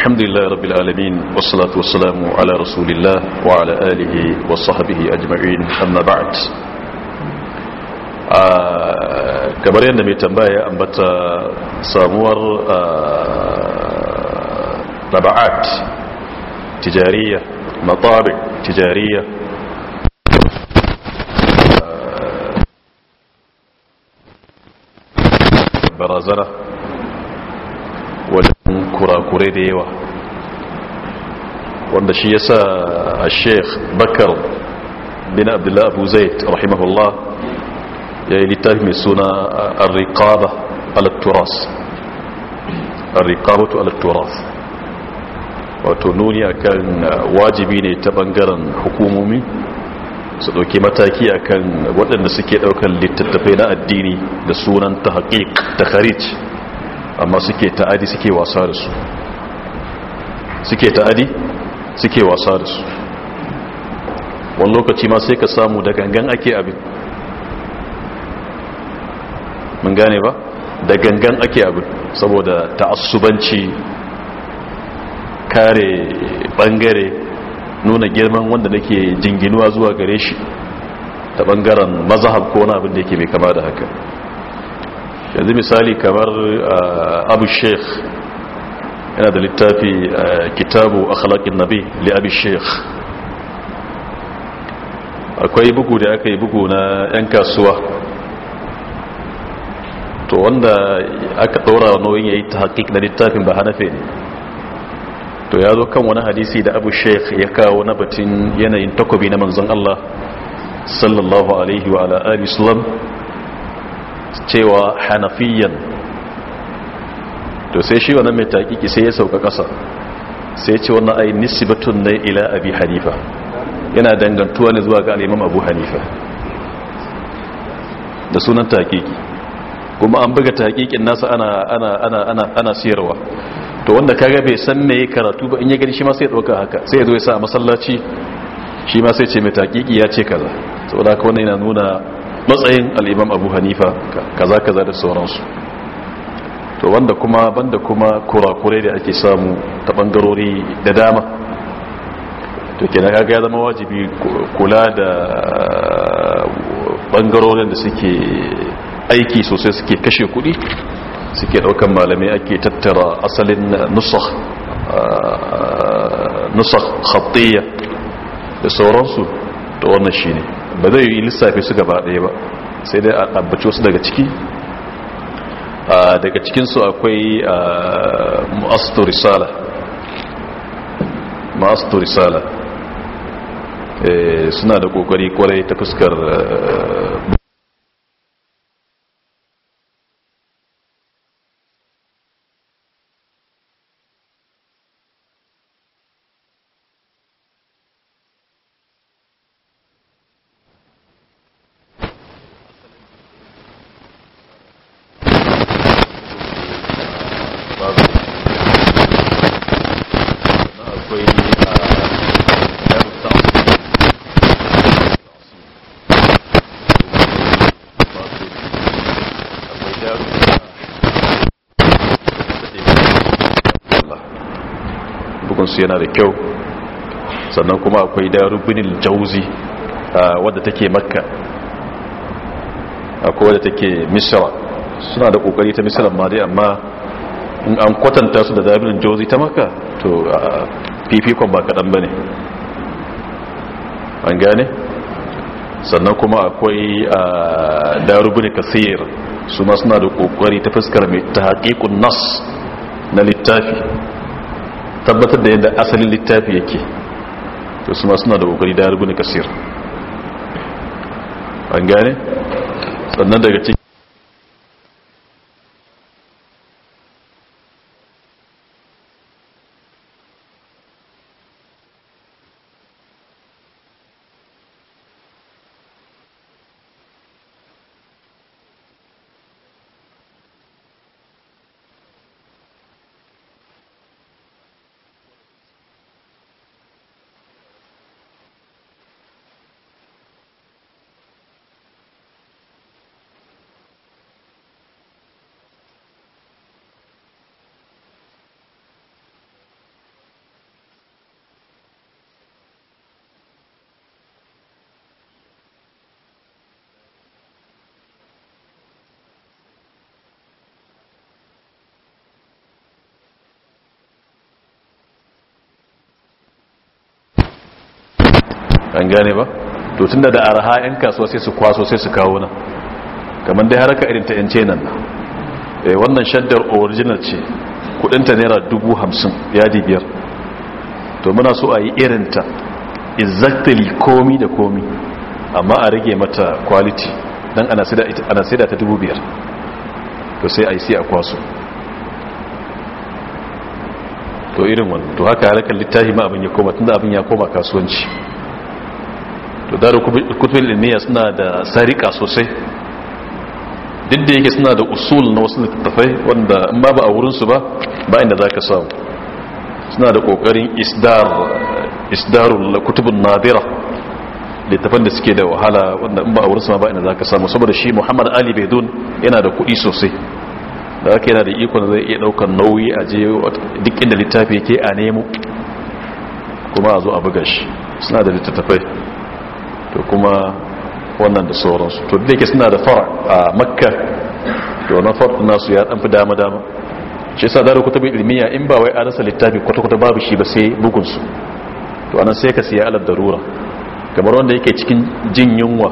الحمد لله رب العالمين والصلاة والسلام على رسول الله وعلى آله وصحبه أجمعين أما بعد كبار يندم يتنبا أنبت سامور طبعات تجارية مطابع تجارية برازرة kurakurai da yawa wanda shi yasa a sheikh bakar bin abdullah abu zaid rahimahullah ya yi littafi mai suna arriƙaba alatturas arriƙabatu alatturas wato nuni akan uh, wajibi ne ta bangaren hukumomi su ɗauki mataki akan waɗanda suke ɗaukar littattafai na addini da sunan ta haƙiƙ ta amma suke ta'adi suke wasa da su suke ta'adi suke wasa da su wani lokaci ma sai ka samu da gangan ake abin mun gane ba da gangan ake abin saboda ta'assubanci kare bangare nuna girman wanda nake jinginuwa zuwa gare shi ta bangaren mazahab ko wani abin da yake mai kama da haka yanzu misali kamar uh, abu sheikh yana da littafi uh, kitabu akhlaqin nabi li abu sheikh akwai bugu da aka yi bugu na 'yan kasuwa to wanda aka ɗora nauyin ya yi ta haƙiƙ na littafin ba hanafe ne to ya zo kan wani hadisi da abu sheikh ya kawo na batin yanayin takobi na manzon Allah sallallahu alaihi wa ala'ari cewa hanafiyan to sai shi wannan mai taƙiƙi sai ya sauka ƙasa sai ce wannan ai nisibatun ne ila abi hanifa yana dangantuwa ne zuwa ga al'imam abu hanifa da sunan taƙiƙi kuma an buga taƙiƙin nasa ana siyarwa to wanda kaga bai san me karatu ba in ya gani shi ma sai ya dauka haka sai ya zo ya sa masallaci shi ma sai ce mai taƙiƙi ya ce kaza saboda haka wannan yana nuna matsayin al'imam abu hanifa kaza kaza da sauransu to wanda kuma banda kuma kurakurai da ake samu ta bangarori da dama to ke na ya zama wajibi kula da bangarorin da suke aiki sosai suke kashe kudi suke daukan malamai ake tattara asalin nusakh ah, nusakh khattiyya da sauransu to wannan shine ba zai yi lissafi su gaba ɗaya ba sai dai a abbaci wasu daga ciki daga cikinsu akwai ma'astu risala risala eh, suna da kokari kwarai ta fuskar eh, su yana da kyau sannan kuma akwai darubinin jauzi wadda take makka akwai wadda take misra suna da kokari ta misra ma dai amma in an kwatanta su da darubinil jauzi ta makka to fifikon ba kaɗan ba ne an gane sannan kuma akwai darubinil kasir su ma suna da kokari ta fuskar mai ta haƙiƙun nas na littafi tabbatar da yadda asalin littafi yake to su ma suna da kokari da rubuni kasir an gane sannan daga cikin an gane ba to tunda da araha yan kasuwa sai su kwaso sai su kawo nan kamar dai haraka irin ta yance nan eh wannan shaddar original ce kudinta naira 50,000 yadi biyar to muna so a yi irin ta exactly komi da komi amma a rage mata quality don ana saida ta 5,000 to sai a yi sai a kwaso to irin wannan to haka harkar littafi ma abin ya koma tunda abin ya koma kasuwanci to da kutubin ilmiya suna da sarika sosai duk da yake suna da usul na wasu littattafai wanda in ba ba a wurinsu ba ba inda za ka samu suna da ƙoƙarin isdarul kutubin nadira littafan da suke da wahala wanda in ba a wurinsu ba inda za ka samu saboda shi muhammad ali baidun yana da kuɗi sosai da aka yana da ikon zai iya ɗaukar nauyi a je duk inda littafi yake a nemo kuma a zo a buga shi suna da littattafai to kuma wannan da sauransu to da ke suna da fara a makka to na fara nasu ya danfi dama-dama shi sa da rukuta bai ilmiya in ba wai an littafi kwata-kwata babu shi ba sai bugunsu to anan sai ka siya alar darura kamar wanda yake cikin jin yunwa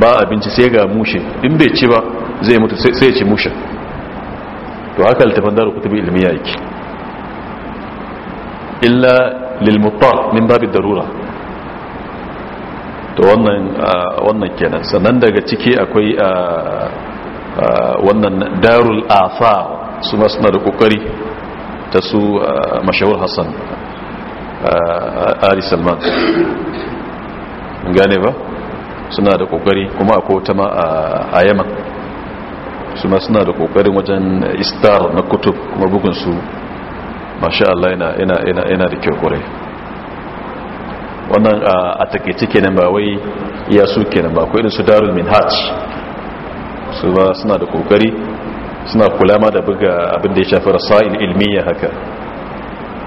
ba abinci sai ga mushe in bai ci ba zai mutu sai ya ci mushe to haka littafin da rukuta bai ilmiya yake illa lilmuttar min babu darura to wannan kenan sannan daga ciki akwai wannan darul athar su ma suna da kokari ta su mashahur hassan ari salman gane ba suna da kokari kuma akwai wata ma a yaman su ma suna da kokarin wajen istar na kutub kuma bugunsu masha Allah yana da kyau kwarai wannan a takaice kenan ba wai iya su kenan ba ko irin su darul minhaj su ba suna da kokari suna kula ma da buga abin da ya shafi rasail ilmiya haka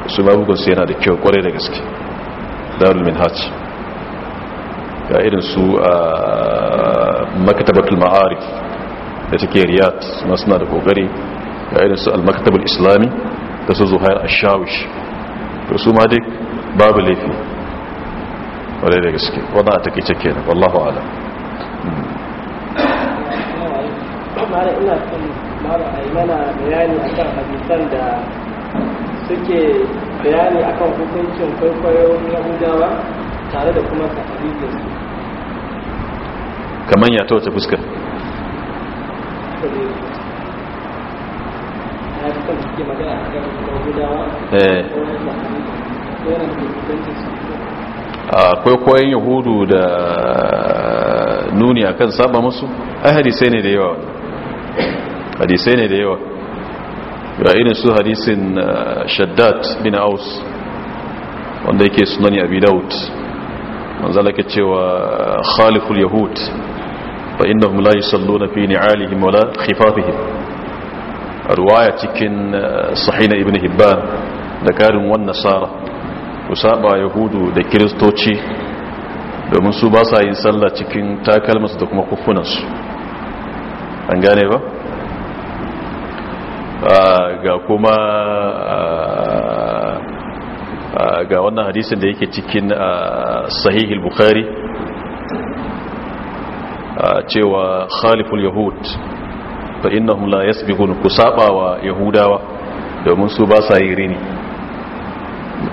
su ba bugun su yana da kyau kwarai da gaske darul minhaj ga irin su a maktabatul ma'arif da take riyad suna suna da kokari ga irin su al-maktabul islami da su zuhair ash-shawish to su ma dai babu laifi kwarai da gaske wanda a takaice ke nan wallahu ala a mana da suke bayani akan hukuncin kwaikwayon yahudawa tare da kuma kamar ya ta wata fuska akwai koyon yahudu da nuni akan saba musu ai hadisai ne da yawa hadisai ne da yawa ga irin su hadisin shaddad bin aus wanda yake sunani abi daud manzala ke cewa khaliful yahud fa innahum la yusalluna fi ni'alihim wala khifafihim riwaya cikin sahih ibn hibban da karin wannan sarah ku saba yahudu da kiristoci domin su ba sa yin sallah cikin takalmasu da kuma kufunansu an gane ba ga kuma ga wannan hadisin da yake cikin sahihil bukhari cewa khaliful yahud fa innahum la yasbiqun ku saba wa yahudawa domin su ba sa yi rini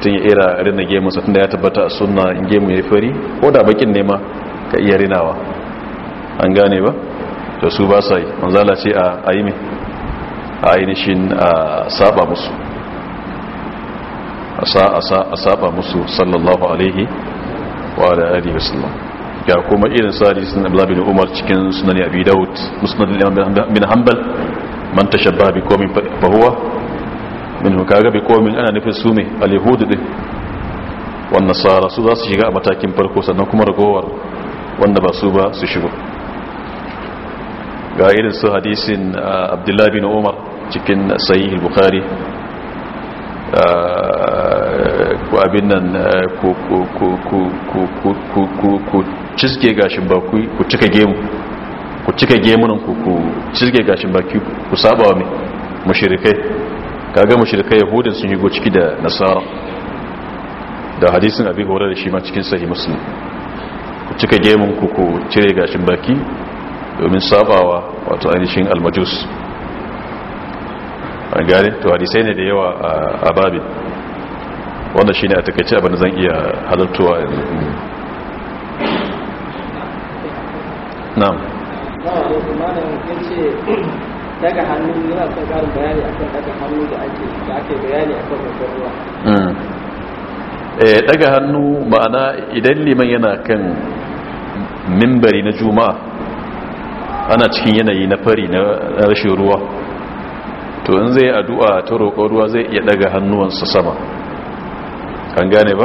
mutum ya era rina gemunsa tunda ya tabbata a suna in gemu ya fari ko da bakin ne ma ka iya rinawa an gane ba to su ba sa yi manzala ce a yi mai a ainihin a saba musu a saba musu sallallahu alaihi wa alaihi wasallam ga kuma irin sa'adi sun abu labin umar cikin sunani bi daud musnadin bin hanbal man tashabba bi komin fahuwa min kaga bi komin ana nufin su me al-yahudu din wannan sara su za su shiga a matakin farko sannan kuma ragowar wanda ba su ba su shigo ga irin su hadisin uh, abdullahi bin umar cikin sahih al-bukhari ku uh, abin nan uh, ku cizge gashin baki ku cika gemu ku cika gemunan ku ku cizge gashin baki ku saba wa mai mushrikai Ka kaga mushrikai yahudin sun yigo ciki da nasara da hadisin abi hore da shi ma cikin sahih muslim ku cika gemun ku ku cire gashin baki domin sabawa wato ainihin almajus an gane to hadisai ne da yawa a babin wanda shine a takaice abin da zan iya halartuwa. yanzu na'am daga hannu yana son karin bayani akan daga hannu da ake da ake bayani akan babban ruwa hmm. eh daga hannu ma'ana idan liman yana kan mimbari na juma'a ana cikin yanayi na fari na rashin ruwa to in zai addu'a ta roƙo ruwa zai iya daga hannuwansa sama an gane ba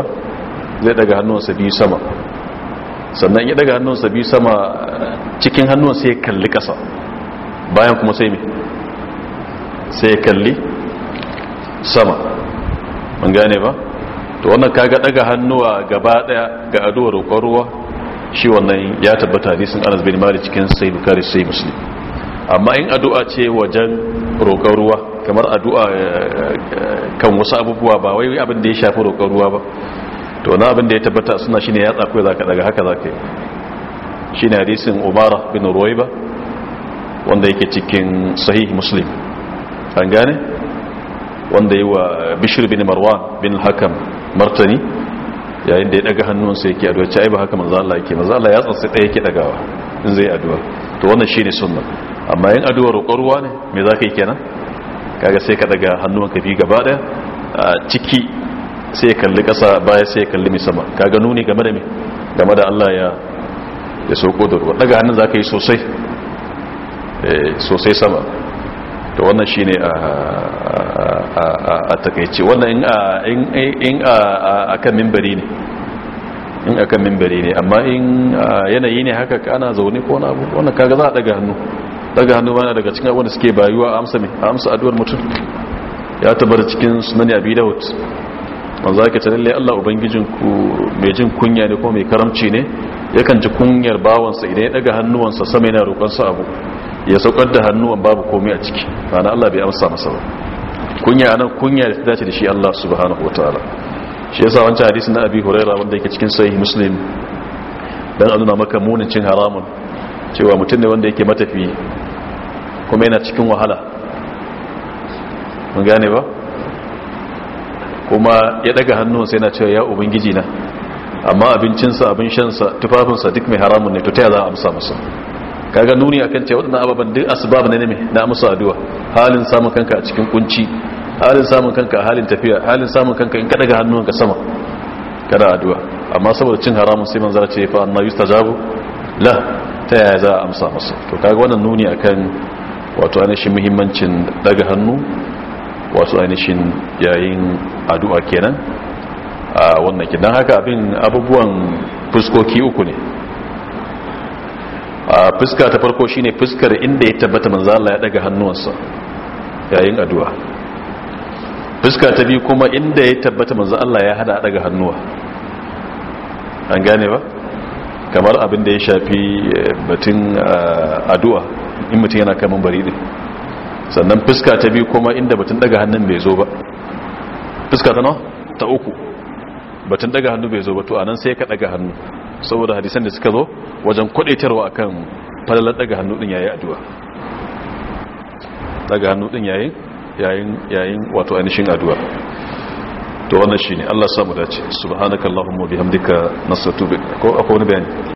zai daga hannuwansa biyu sama sannan ya daga hannuwansa biyu sama cikin hannuwansa ya kalli ƙasa bayan kuma sai me sai ya kalli sama mun gane ba to wannan kaga daga hannuwa gaba daya ga aduwa roƙon ruwa shi wannan ya tabbata hadisin Anas bin Malik cikin sai Bukhari sai Muslim amma in addu'a ce wajen roƙon ruwa kamar addu'a eh, eh, kan wasu abubuwa ba wai abin da ya shafi roƙon ruwa ba to wannan abin da ya tabbata suna shine ya tsako zaka daga haka zaka yi shine hadisin Umar bin Ruwaiba wanda yake cikin sahih muslim an gane wanda yi wa bishir bin Marwa bin Hakan martani yayin da ya daga hannunsa yake aduwa ce ai haka manzo Allah yake manzo Allah ya tsatsi ɗaya yake dagawa in zai aduwa to wannan shi ne suna amma yin aduwa roƙon ruwa ne me ka yi kenan kaga sai ka daga hannunka bi gaba daya ciki sai ya kalli ƙasa baya sai ya kalli mai sama kaga nuni game da me game da Allah ya ya sauko da ruwa daga hannun zaka yi sosai Eh, sosai sama to wannan shi ne ah, ah, ah, a takaice wannan in a kan mimbari ne in a kan mimbari ne amma in yanayi ne haka ana zaune ko na abu wannan kaga za a daga hannu daga hannu mana daga cikin abubuwan da suke bayuwa a amsa mai a amsa aduwar mutum ya tabbata cikin sunani abi dawud manzo yake ta lalle Allah ubangijinku mai jin kunya ne ko mai karamci ne yakan ji kunyar bawansa idan ya daga hannuwansa sama yana roƙon sa abu ya saukar da hannuwan babu komai a ciki ana Allah bai amsa masa ba kunya nan kunya da ta dace da shi Allah subhanahu wataala shi yasa wancan hadisi na Abi Huraira wanda yake cikin sahih Muslim dan azuna maka munin cin haramun cewa mutum ne wanda yake matafi kuma yana cikin wahala mun gane ba kuma ya daga hannun sai yana cewa ya ubangiji na amma abincinsa abin shansa tufafinsa duk mai haramun ne to ta za a amsa masa kaga nuni akan cewa wadannan ababan duk asbab ne ne na musu addu'a halin samun kanka a cikin kunci halin samun kanka a halin tafiya halin samun kanka in ka daga hannunka sama kada addu'a amma saboda cin haramun sai manzara ce fa annabi yustajabu la ta yaya za a amsa masa to kaga wannan nuni akan wato ainihin muhimmancin daga hannu wato ainihin yayin addu'a kenan a wannan kidan haka abin abubuwan fuskoki uku ne a fuska ta farko shine fuskar inda ya tabbata manzo Allah ya daga hannuwansa yayin addu'a fuska ta biyu kuma inda ya tabbata manzo Allah ya hada daga hannuwa an gane ba kamar abin da ya shafi eh, batun eh, addu'a in mutum yana kaman bari din sannan fuska ta biyu kuma inda batun daga hannun bai zo ba fuska ta nawa ta uku batun daga hannu bai zo ba to anan sai ka daga hannu saboda hadisan da suka zo wajen kwadaitarwa akan falalar daga hannu din yayin addu'a daga hannu din yayin yayin yayin wato ainihin addu'a to wannan shine Allah ya samu dace subhanakallahumma bihamdika nasatubu ko akwai wani bayani